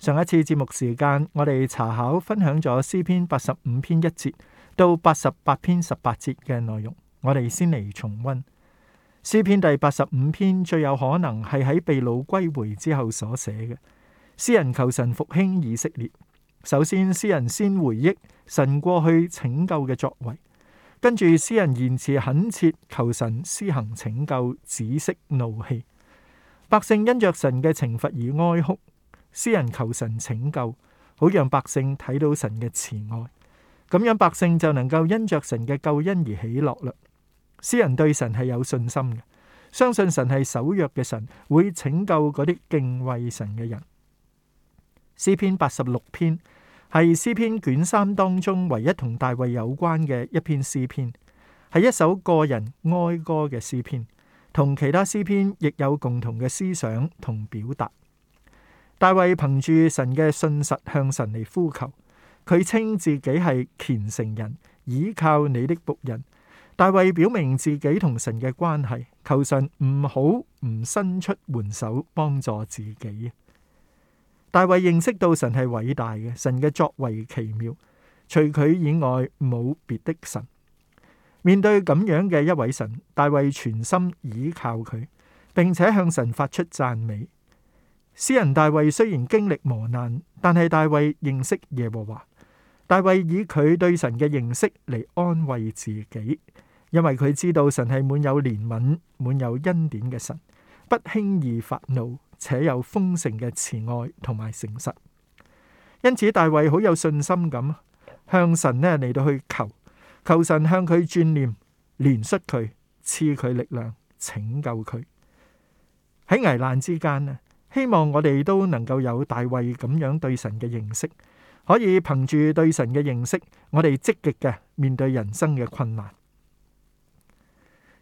上一次節目時間，我哋查考分享咗詩篇八十五篇一節到八十八篇十八節嘅內容，我哋先嚟重溫詩篇第八十五篇，最有可能係喺被擄歸回之後所寫嘅。詩人求神復興以色列。首先，詩人先回憶神過去拯救嘅作為，跟住詩人言辭懇切求神施行拯救，止息怒氣。百姓因着神嘅懲罰而哀哭。詩人求神拯救，好讓百姓睇到神嘅慈愛，咁樣百姓就能夠因着神嘅救恩而喜樂嘞。詩人對神係有信心嘅，相信神係守約嘅神，會拯救嗰啲敬畏神嘅人。詩篇八十六篇係詩篇卷三當中唯一同大衛有關嘅一篇詩篇，係一首個人哀歌嘅詩篇，同其他詩篇亦有共同嘅思想同表達。大衛憑住神嘅信實向神嚟呼求，佢稱自己係虔誠人，倚靠你的僕人。大衛表明自己同神嘅關係，求神唔好唔伸出援手幫助自己。大衛認識到神係偉大嘅，神嘅作為奇妙，除佢以外冇別的神。面對咁樣嘅一位神，大衛全心倚靠佢，並且向神發出讚美。詩人大衛雖然經歷磨難，但係大衛認識耶和華。大衛以佢對神嘅認識嚟安慰自己，因為佢知道神係滿有憐憫、滿有恩典嘅神，不輕易發怒，且有豐盛嘅慈愛同埋誠實。因此，大衛好有信心咁向神呢嚟到去求，求神向佢轉念，憐恤佢，賜佢力量，拯救佢喺危難之間呢。希望我哋都能夠有大衛咁樣對神嘅認識，可以憑住對神嘅認識，我哋積極嘅面對人生嘅困難。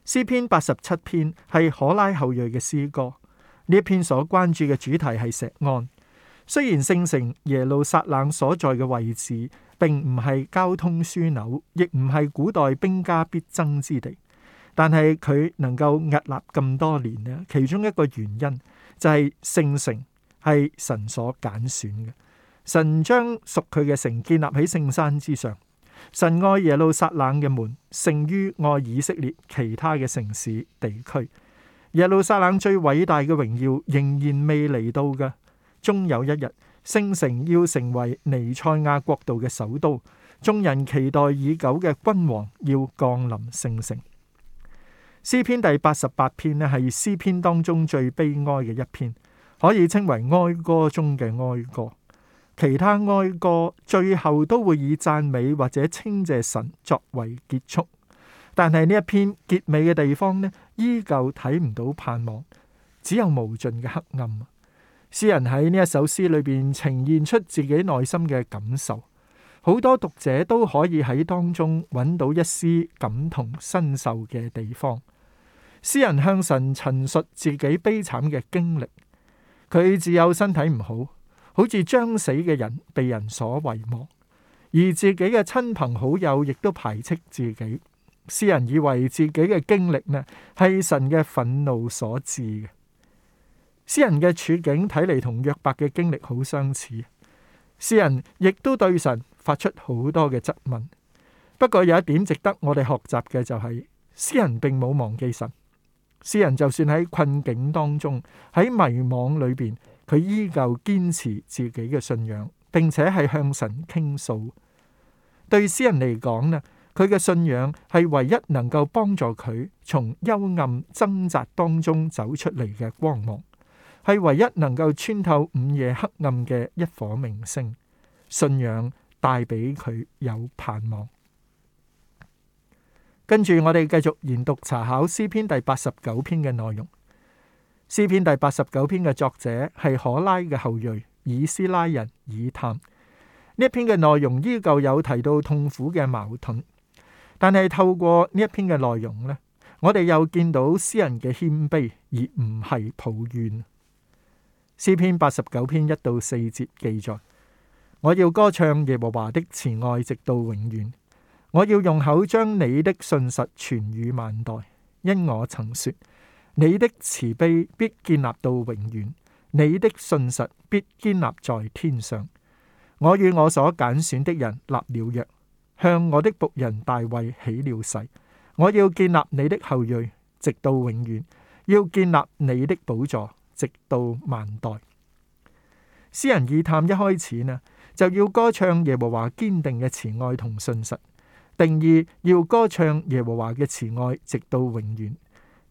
詩篇八十七篇係可拉後裔嘅詩歌。呢一篇所關注嘅主題係錫安。雖然聖城耶路撒冷所在嘅位置並唔係交通樞紐，亦唔係古代兵家必爭之地，但係佢能夠屹立咁多年啊，其中一個原因，就係聖城係神所揀選嘅，神將屬佢嘅城建立喺聖山之上。神愛耶路撒冷嘅門勝於愛以色列其他嘅城市地區。耶路撒冷最偉大嘅榮耀仍然未嚟到嘅，終有一日聖城要成為彌賽亞國度嘅首都。眾人期待已久嘅君王要降臨聖城。詩篇第八十八篇呢，係詩篇當中最悲哀嘅一篇，可以稱為哀歌中嘅哀歌。其他哀歌最後都會以讚美或者稱謝神作為結束，但係呢一篇結尾嘅地方呢，依舊睇唔到盼望，只有無盡嘅黑暗。詩人喺呢一首詩裏邊呈現出自己內心嘅感受，好多讀者都可以喺當中揾到一絲感同身受嘅地方。詩人向神陳述自己悲慘嘅經歷，佢自幼身體唔好，好似將死嘅人，被人所遺忘，而自己嘅親朋好友亦都排斥自己。詩人以為自己嘅經歷呢係神嘅憤怒所致嘅。詩人嘅處境睇嚟同約伯嘅經歷好相似。詩人亦都對神發出好多嘅質問。不過有一點值得我哋學習嘅就係，詩人並冇忘記神。詩人就算喺困境當中，喺迷惘裏邊，佢依舊堅持自己嘅信仰，並且係向神傾訴。對詩人嚟講呢，佢嘅信仰係唯一能夠幫助佢從幽暗掙扎當中走出嚟嘅光芒，係唯一能夠穿透午夜黑暗嘅一顆明星。信仰帶俾佢有盼望。跟住我哋繼續研讀查考詩篇第八十九篇嘅內容。詩篇第八十九篇嘅作者係可拉嘅後裔以斯拉人以探。呢一篇嘅內容依舊有提到痛苦嘅矛盾，但係透過呢一篇嘅內容呢，我哋又見到詩人嘅謙卑，而唔係抱怨。詩篇八十九篇一到四節記載：我要歌唱耶和華的慈愛，直到永遠。我要用口將你的信實傳與萬代，因我曾說你的慈悲必建立到永遠，你的信實必建立在天上。我與我所揀選的人立了約，向我的僕人大衛起了誓：我要建立你的後裔直到永遠，要建立你的寶座直到萬代。詩人以探一開始呢，就要歌唱耶和華堅定嘅慈愛同信實。定義要歌唱耶和華嘅慈愛直到永遠，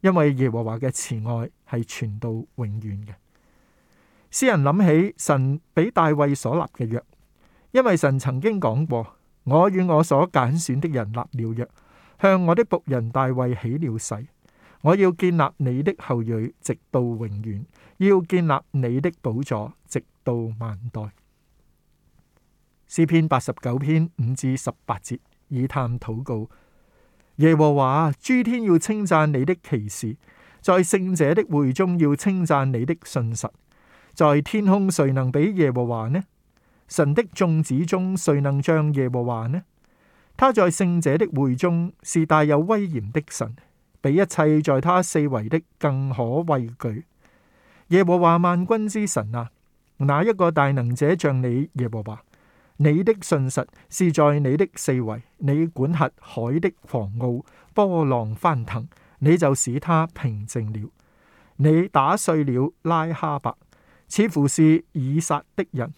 因為耶和華嘅慈愛係傳到永遠嘅。詩人諗起神俾大衛所立嘅約，因為神曾經講過：我與我所揀選的人立了約，向我的僕人大衛起了誓，我要建立你的後裔直到永遠，要建立你的寶座直到萬代。詩篇八十九篇五至十八節。以探禱告耶和華，諸天要稱讚你的奇事，在聖者的會中要稱讚你的信實。在天空誰能比耶和華呢？神的眾子中誰能像耶和華呢？他在聖者的會中是大有威嚴的神，比一切在他四圍的更可畏懼。耶和華萬軍之神啊，哪一個大能者像你耶和華？你的信實是在你的四圍，你管轄海的狂傲、波浪翻騰，你就使它平靜了。你打碎了拉哈伯，似乎是已殺的人。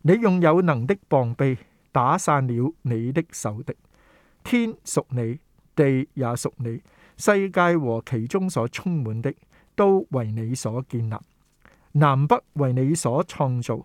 你用有能的膀臂打散了你的仇敵。天屬你，地也屬你，世界和其中所充滿的，都為你所建立，南北為你所創造。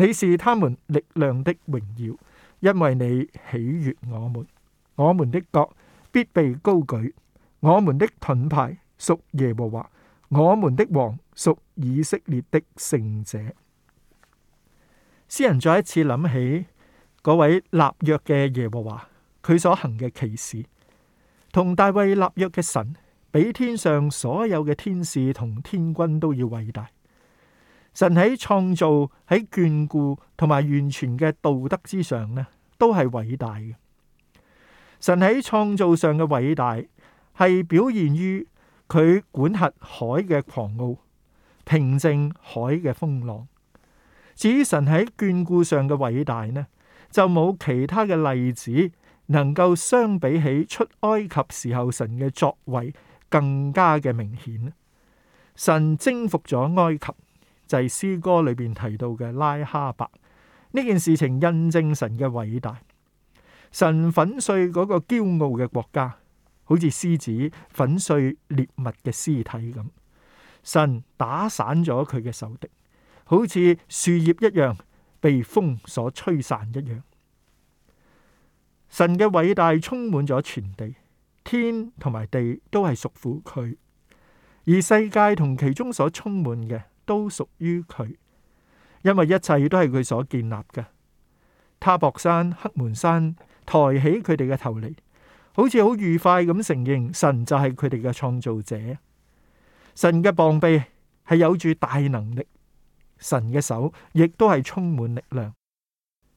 你是他們力量的榮耀，因為你喜悅我們。我們的角必被高舉，我們的盾牌屬耶和華，我們的王屬以色列的聖者。詩人再一次諗起嗰位立約嘅耶和華，佢所行嘅奇事，同大衛立約嘅神，比天上所有嘅天使同天君都要偉大。神喺創造喺眷顧同埋完全嘅道德之上呢，都係偉大嘅。神喺創造上嘅偉大，係表現於佢管轄海嘅狂傲，平靜海嘅風浪。至於神喺眷顧上嘅偉大呢，就冇其他嘅例子能夠相比起出埃及時候神嘅作為更加嘅明顯。神征服咗埃及。就係詩歌裏邊提到嘅拉哈伯呢件事情，印證神嘅偉大。神粉碎嗰個驕傲嘅國家，好似獅子粉碎獵物嘅屍體咁。神打散咗佢嘅仇敵，好似樹葉一樣被風所吹散一樣。神嘅偉大充滿咗全地，天同埋地都係屬乎佢，而世界同其中所充滿嘅，都屬於佢，因為一切都係佢所建立嘅。他泊山、黑門山抬起佢哋嘅頭嚟，好似好愉快咁承認神就係佢哋嘅創造者。神嘅膀臂係有住大能力，神嘅手亦都係充滿力量。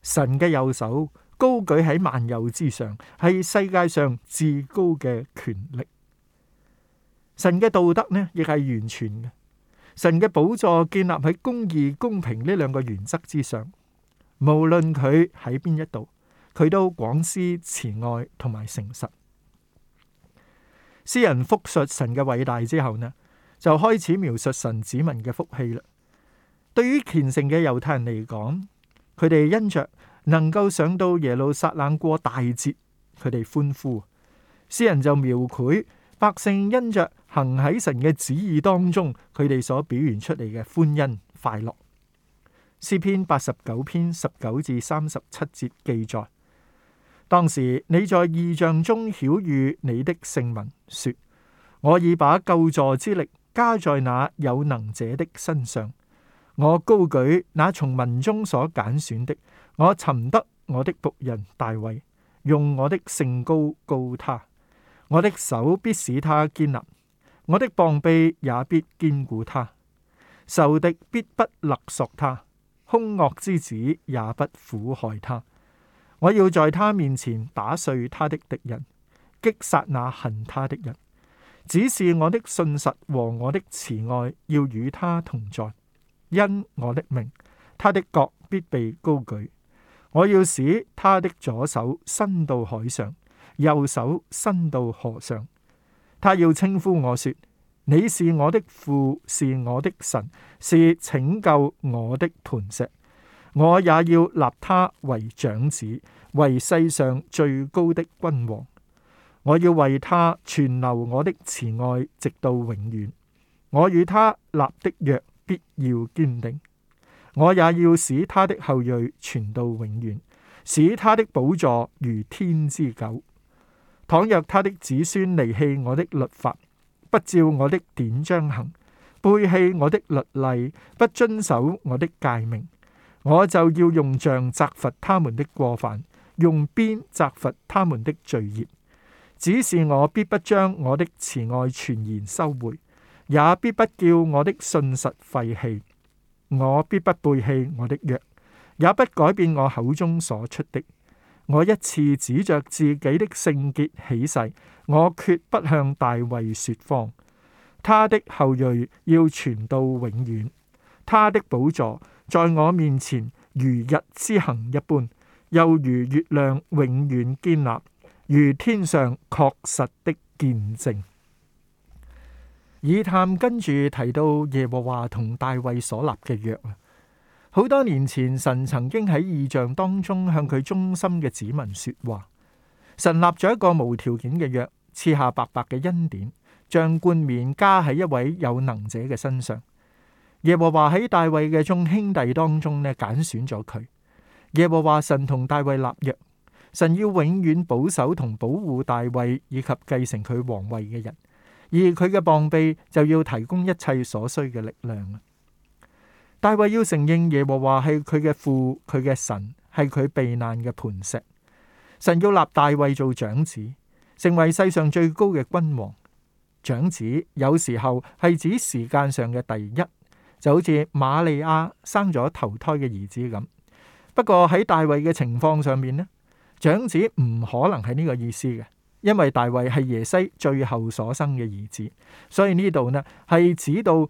神嘅右手高舉喺萬有之上，係世界上至高嘅權力。神嘅道德呢，亦係完全嘅。神嘅寶座建立喺公義、公平呢兩個原則之上，無論佢喺邊一度，佢都廣施慈愛同埋誠實。詩人複述神嘅偉大之後呢，就開始描述神子民嘅福氣啦。對於虔誠嘅猶太人嚟講，佢哋因着能夠上到耶路撒冷過大節，佢哋歡呼。詩人就描繪百姓因着。行喺神嘅旨意當中，佢哋所表現出嚟嘅歡欣快樂。詩篇八十九篇十九至三十七節記載：當時你在異象中曉諭你的聖民，說：我已把救助之力加在那有能者的身上，我高舉那從民中所揀選的，我尋得我的僕人大衛，用我的聖膏膏他，我的手必使他堅立。」我的膀臂也必堅固他，仇敵必不勒索他，兇惡之子也不苦害他。我要在他面前打碎他的敵人，擊殺那恨他的人。只是我的信實和我的慈愛要與他同在，因我的名，他的角必被高舉。我要使他的左手伸到海上，右手伸到河上。他要稱呼我說：你是我的父，是我的神，是拯救我的磐石。我也要立他為長子，為世上最高的君王。我要為他存留我的慈愛，直到永遠。我與他立的約必要堅定。我也要使他的後裔存到永遠，使他的寶座如天之久。倘若他的子孫離棄我的律法，不照我的典章行，背棄我的律例，不遵守我的誡命，我就要用杖責罰他們的過犯，用鞭責罰他們的罪孽。只是我必不將我的慈愛全然收回，也必不叫我的信實廢棄。我必不背棄我的約，也不改變我口中所出的。我一次指着自己的聖潔起誓，我決不向大衛說謊。他的後裔要傳到永遠，他的寶座在我面前如日之行一般，又如月亮永遠堅立，如天上確實的見證。以探跟住提到耶和華同大衛所立嘅約。好多年前，神曾經喺異象當中向佢忠心嘅子民說話。神立咗一個無條件嘅約，賜下白白嘅恩典，將冠冕加喺一位有能者嘅身上。耶和華喺大衛嘅眾兄弟當中呢，揀選咗佢。耶和華神同大衛立約，神要永遠保守同保護大衛以及繼承佢皇位嘅人，而佢嘅膀臂就要提供一切所需嘅力量。大衛要承認耶和華係佢嘅父，佢嘅神係佢避難嘅磐石。神要立大衛做長子，成為世上最高嘅君王。長子有時候係指時間上嘅第一，就好似瑪利亞生咗頭胎嘅兒子咁。不過喺大衛嘅情況上面，呢，長子唔可能係呢個意思嘅，因為大衛係耶西最後所生嘅兒子，所以呢度呢係指到。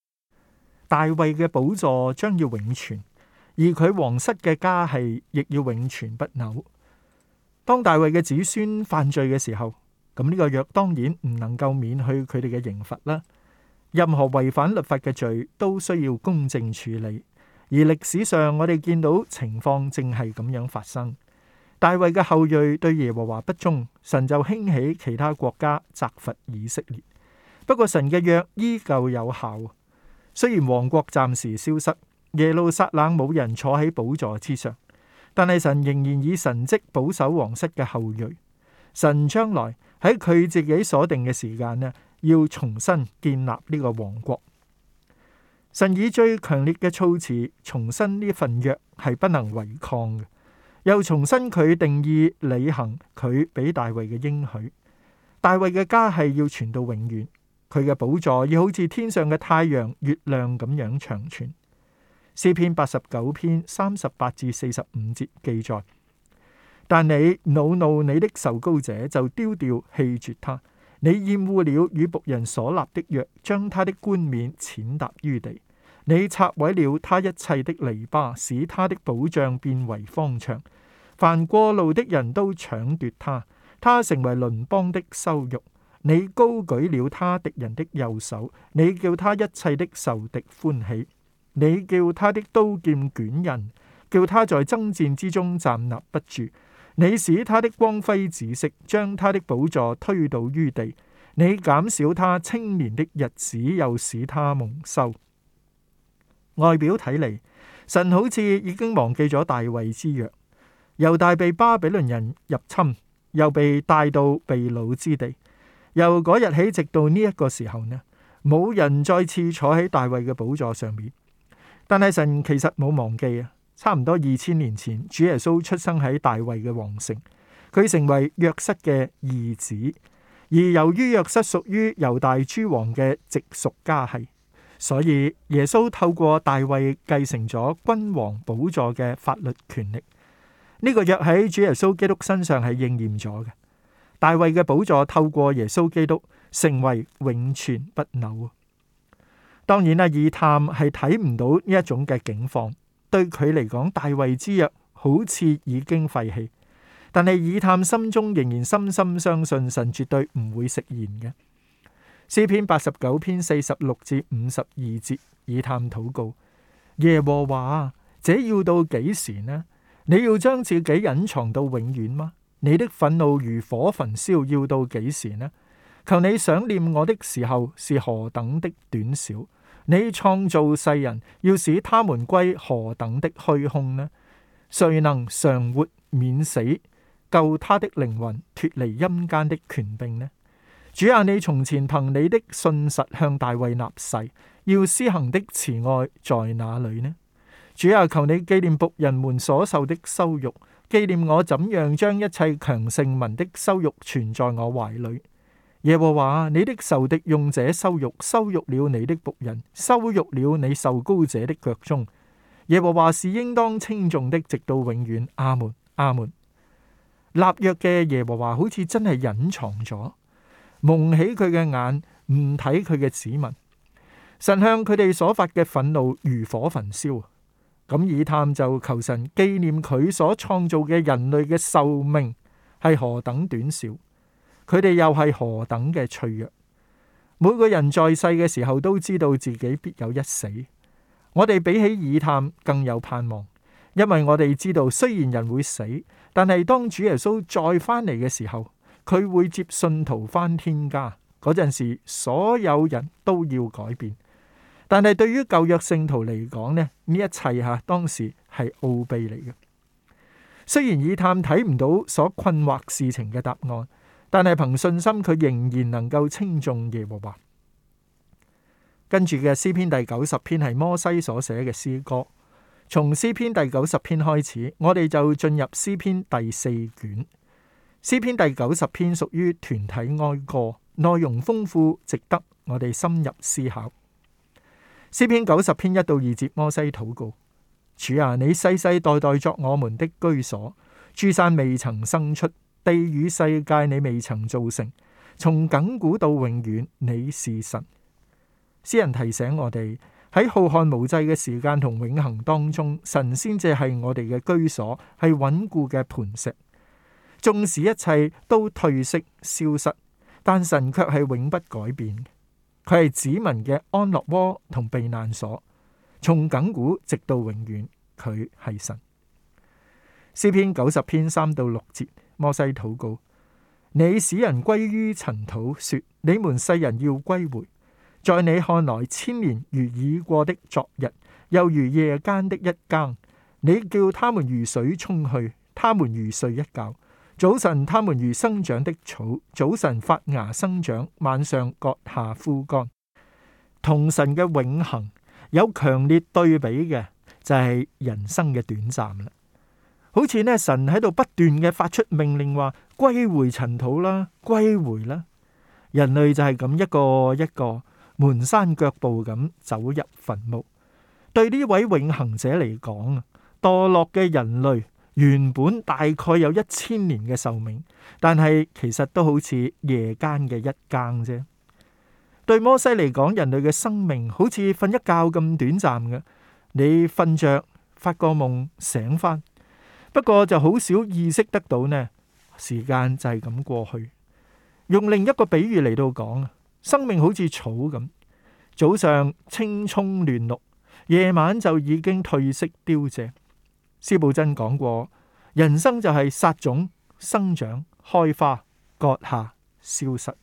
大衛嘅寶座將要永存，而佢皇室嘅家系亦要永存不朽。當大衛嘅子孫犯罪嘅時候，咁呢個約當然唔能夠免去佢哋嘅刑罰啦。任何違反律法嘅罪都需要公正處理。而歷史上我哋見到情況正係咁樣發生。大衛嘅後裔對耶和華不忠，神就興起其他國家責罰以色列。不過神嘅約依舊有效。雖然王國暫時消失，耶路撒冷冇人坐喺寶座之上，但係神仍然以神蹟保守王室嘅後裔。神將來喺佢自己所定嘅時間呢，要重新建立呢個王國。神以最強烈嘅措辭，重申：「呢份約係不能違抗嘅」，又重新佢定義履行佢俾大衛嘅應許。大衛嘅家系要傳到永遠。佢嘅寶座要好似天上嘅太陽、月亮咁樣長存。詩篇八十九篇三十八至四十五節記載：但你惱怒、no, no, 你的受膏者，就丟掉棄絕他；你厭惡了與僕人所立的約，將他的冠冕踐踏於地；你拆毀了他一切的籬笆，使他的保障變為荒場；凡過路的人都搶奪他，他成為鄰邦的羞辱。你高舉了他敵人的右手，你叫他一切的仇敵歡喜，你叫他的刀劍捲刃，叫他在爭戰之中站立不住。你使他的光輝紫色，將他的寶座推倒於地。你減少他青年的日子，又使他蒙羞。外表睇嚟，神好似已經忘記咗大衛之約，猶大被巴比倫人入侵，又被帶到被擄之地。由嗰日起，直到呢一個時候呢，冇人再次坐喺大衛嘅寶座上面。但係神其實冇忘記啊，差唔多二千年前，主耶穌出生喺大衛嘅皇城，佢成為約瑟嘅兒子。而由於約瑟屬於猶大諸王嘅直屬家系，所以耶穌透過大衛繼承咗君王寶座嘅法律權力。呢、這個約喺主耶穌基督身上係應驗咗嘅。大衛嘅寶座透過耶穌基督成為永存不朽。當然啦，以探係睇唔到呢一種嘅境況，對佢嚟講，大衛之約好似已經廢棄。但係以探心中仍然深深相信神絕對唔會食言嘅。詩篇八十九篇四十六至五十二節，以探禱告：耶和華，這要到幾時呢？你要將自己隱藏到永遠嗎？你的憤怒如火焚燒，要到幾時呢？求你想念我的時候是何等的短少。你創造世人，要使他們歸何等的虛空呢？誰能常活免死，救他的靈魂脫離陰間的權柄呢？主啊，你從前憑你的信實向大衛立誓，要施行的慈愛在哪裏呢？主啊，求你紀念僕人們所受的羞辱。紀念我怎樣將一切強盛民的羞辱存在我懷裏。耶和華，你的仇敵用者羞辱，羞辱了你的僕人，羞辱了你受膏者的腳蹤。耶和華是應當稱頌的，直到永遠。阿門，阿門。立約嘅耶和華好似真係隱藏咗，蒙起佢嘅眼，唔睇佢嘅指紋。神向佢哋所發嘅憤怒如火焚燒。咁以探就求神紀念佢所創造嘅人類嘅壽命係何等短小，佢哋又係何等嘅脆弱。每個人在世嘅時候都知道自己必有一死。我哋比起以探更有盼望，因為我哋知道雖然人會死，但係當主耶穌再返嚟嘅時候，佢會接信徒翻天家，嗰陣時，所有人都要改變。但係，對於舊約聖徒嚟講咧，呢一切嚇、啊、當時係奧秘嚟嘅。雖然以探睇唔到所困惑事情嘅答案，但係憑信心，佢仍然能夠稱頌耶和華。跟住嘅詩篇第九十篇係摩西所寫嘅詩歌。從詩篇第九十篇開始，我哋就進入詩篇第四卷。詩篇第九十篇屬於團體哀歌，內容豐富，值得我哋深入思考。詩篇九十篇一到二節，摩西禱告：主啊，你世世代代作我們的居所，諸山未曾生出，地與世界你未曾造成，從亘古到永遠，你是神。詩人提醒我哋喺浩瀚無際嘅時間同永恒當中，神先至係我哋嘅居所，係穩固嘅磐石。縱使一切都褪色消失，但神卻係永不改變。佢係子民嘅安樂窩同避難所，從亘古直到永遠，佢係神。詩篇九十篇三到六節，摩西禱告：你使人歸於塵土說，說你們世人要歸回，在你看來千年如已過的昨日，又如夜間的一更。你叫他們如水沖去，他們如睡一覺。早晨，他們如生長的草；早晨發芽生長，晚上割下枯乾。同神嘅永恒有強烈對比嘅，就係人生嘅短暫啦。好似呢，神喺度不斷嘅發出命令，話歸回塵土啦，歸回啦。人類就係咁一個一個蹣跚腳步咁走入墳墓。對呢位永恒者嚟講啊，墮落嘅人類原本大概有一千年嘅壽命，但係其實都好似夜間嘅一更啫。對摩西嚟講，人類嘅生命好似瞓一覺咁短暫嘅。你瞓著發個夢醒翻，不過就好少意識得到呢，時間就係咁過去。用另一個比喻嚟到講，生命好似草咁，早上青蔥嫩綠，夜晚就已經褪色凋謝。司布真講過：人生就係撒種、生長、開花、割下、消失。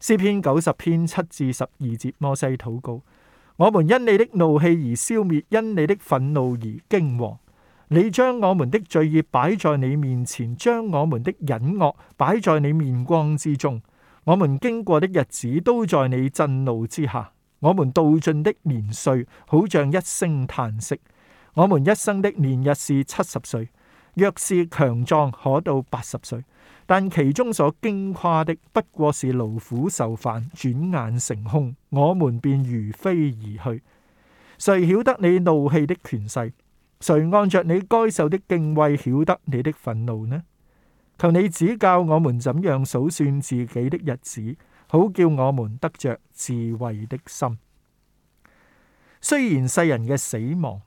詩篇九十篇七至十二節，摩西禱告：我們因你的怒氣而消滅，因你的憤怒而驚惶。你將我們的罪孽擺在你面前，將我們的隱惡擺在你面光之中。我們經過的日子都在你震怒之下，我們度盡的年歲好像一聲嘆息。我們一生的年日是七十歲，若是強壯，可到八十歲。但其中所矜誇的不過是勞苦愁煩，轉眼成空，我們便如飛而去。誰曉得你怒氣的權勢？誰按着你該受的敬畏曉得你的憤怒呢？求你指教我們怎樣數算自己的日子，好叫我們得着智慧的心。雖然世人嘅死亡。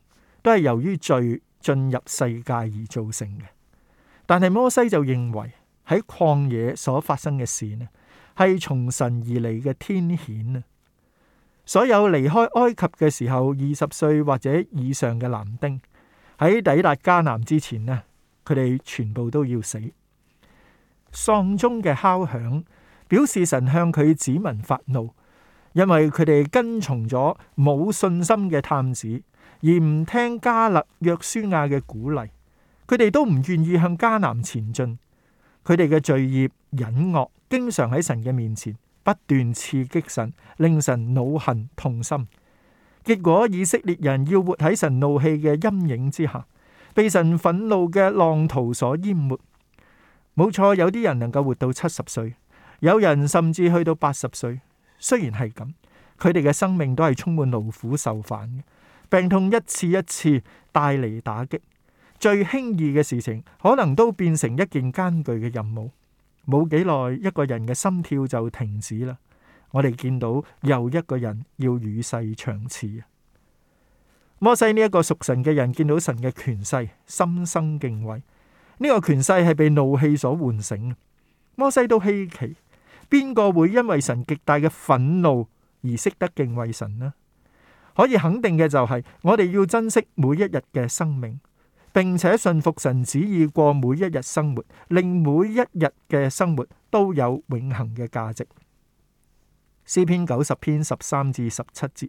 都係由於罪進入世界而造成嘅，但係摩西就認為喺曠野所發生嘅事呢，係從神而嚟嘅天譴啊！所有離開埃及嘅時候，二十歲或者以上嘅男丁，喺抵達迦南之前呢，佢哋全部都要死。喪鐘嘅敲響，表示神向佢子民發怒，因為佢哋跟從咗冇信心嘅探子。而唔聽迦勒約書亞嘅鼓勵，佢哋都唔願意向迦南前進。佢哋嘅罪孽、隱惡，經常喺神嘅面前不斷刺激神，令神惱恨痛心。結果以色列人要活喺神怒氣嘅陰影之下，被神憤怒嘅浪濤所淹沒。冇錯，有啲人能夠活到七十歲，有人甚至去到八十歲。雖然係咁，佢哋嘅生命都係充滿勞苦受煩病痛一次一次帶嚟打擊，最輕易嘅事情可能都變成一件艱巨嘅任務。冇幾耐，一個人嘅心跳就停止啦。我哋見到又一個人要與世長辭啊！摩西呢一個屬神嘅人見到神嘅權勢，心生敬畏。呢個權勢係被怒氣所喚醒。摩西都稀奇，邊個會因為神極大嘅憤怒而識得敬畏神呢？可以肯定嘅就係，我哋要珍惜每一日嘅生命，並且信服神旨意過每一日生活，令每一日嘅生活都有永恒嘅價值。詩篇九十篇十三至十七節，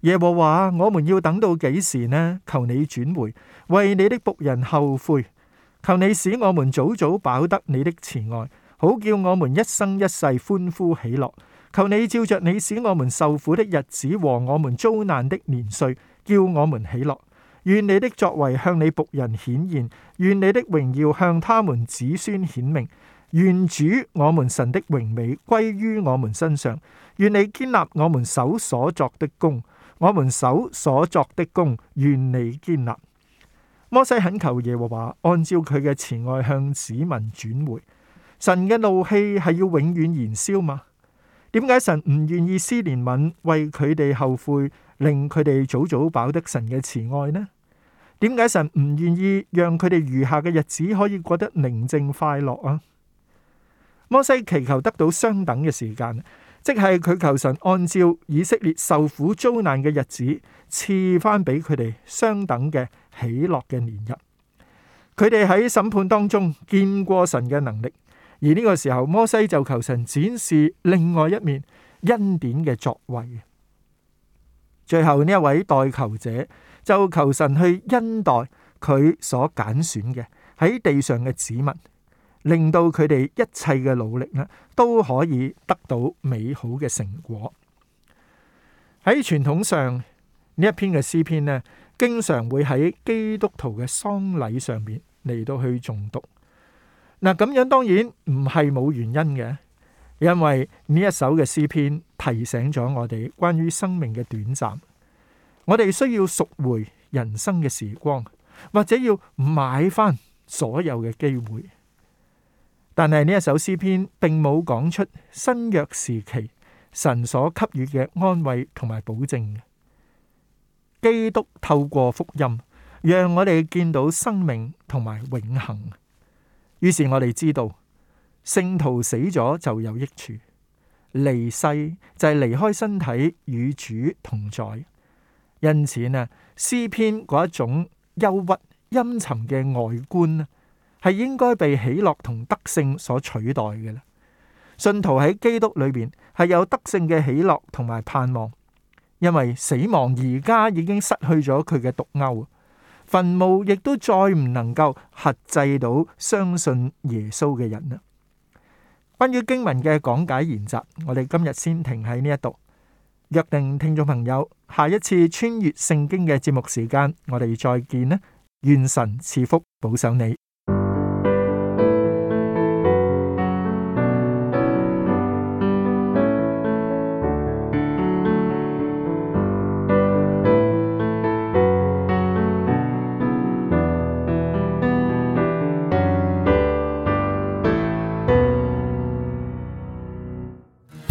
耶和華，我們要等到幾時呢？求你轉回，為你的僕人後悔，求你使我們早早飽得你的慈愛，好叫我們一生一世歡呼喜樂。求你照着你使我們受苦的日子和我們遭難的年歲，叫我們喜樂。願你的作為向你僕人顯現，願你的榮耀向他們子孫顯明。願主我們神的榮美歸於我們身上。願你堅立我們手所作的工，我們手所作的工願你堅立。摩西懇求耶和華，按照佢嘅慈愛向子民轉回。神嘅怒氣係要永遠燃燒嘛？點解神唔願意施憐憫為佢哋後悔，令佢哋早早飽得神嘅慈愛呢？點解神唔願意讓佢哋餘下嘅日子可以過得寧靜快樂啊？摩西祈求得到相等嘅時間，即係佢求神按照以色列受苦遭難嘅日子，賜返俾佢哋相等嘅喜樂嘅年日。佢哋喺審判當中見過神嘅能力。而呢個時候，摩西就求神展示另外一面恩典嘅作為。最後呢一位代求者就求神去恩待佢所揀選嘅喺地上嘅子民，令到佢哋一切嘅努力呢都可以得到美好嘅成果。喺傳統上呢一篇嘅詩篇呢，經常會喺基督徒嘅喪禮上面嚟到去誦讀。嗱，咁樣當然唔係冇原因嘅，因為呢一首嘅詩篇提醒咗我哋關於生命嘅短暫，我哋需要贖回人生嘅時光，或者要買翻所有嘅機會。但係呢一首詩篇並冇講出新約時期神所給予嘅安慰同埋保證。基督透過福音，讓我哋見到生命同埋永恆。於是我哋知道，聖徒死咗就有益處，離世就係離開身體與主同在。因此呢，詩篇嗰一種憂鬱、陰沉嘅外觀呢，係應該被喜樂同德性所取代嘅啦。信徒喺基督裏邊係有德性嘅喜樂同埋盼望，因為死亡而家已經失去咗佢嘅毒鈎。墳墓亦都再唔能夠轄制到相信耶穌嘅人啦。關於經文嘅講解研習，我哋今日先停喺呢一度。約定聽眾朋友，下一次穿越聖經嘅節目時間，我哋再見啦。願神賜福保守你。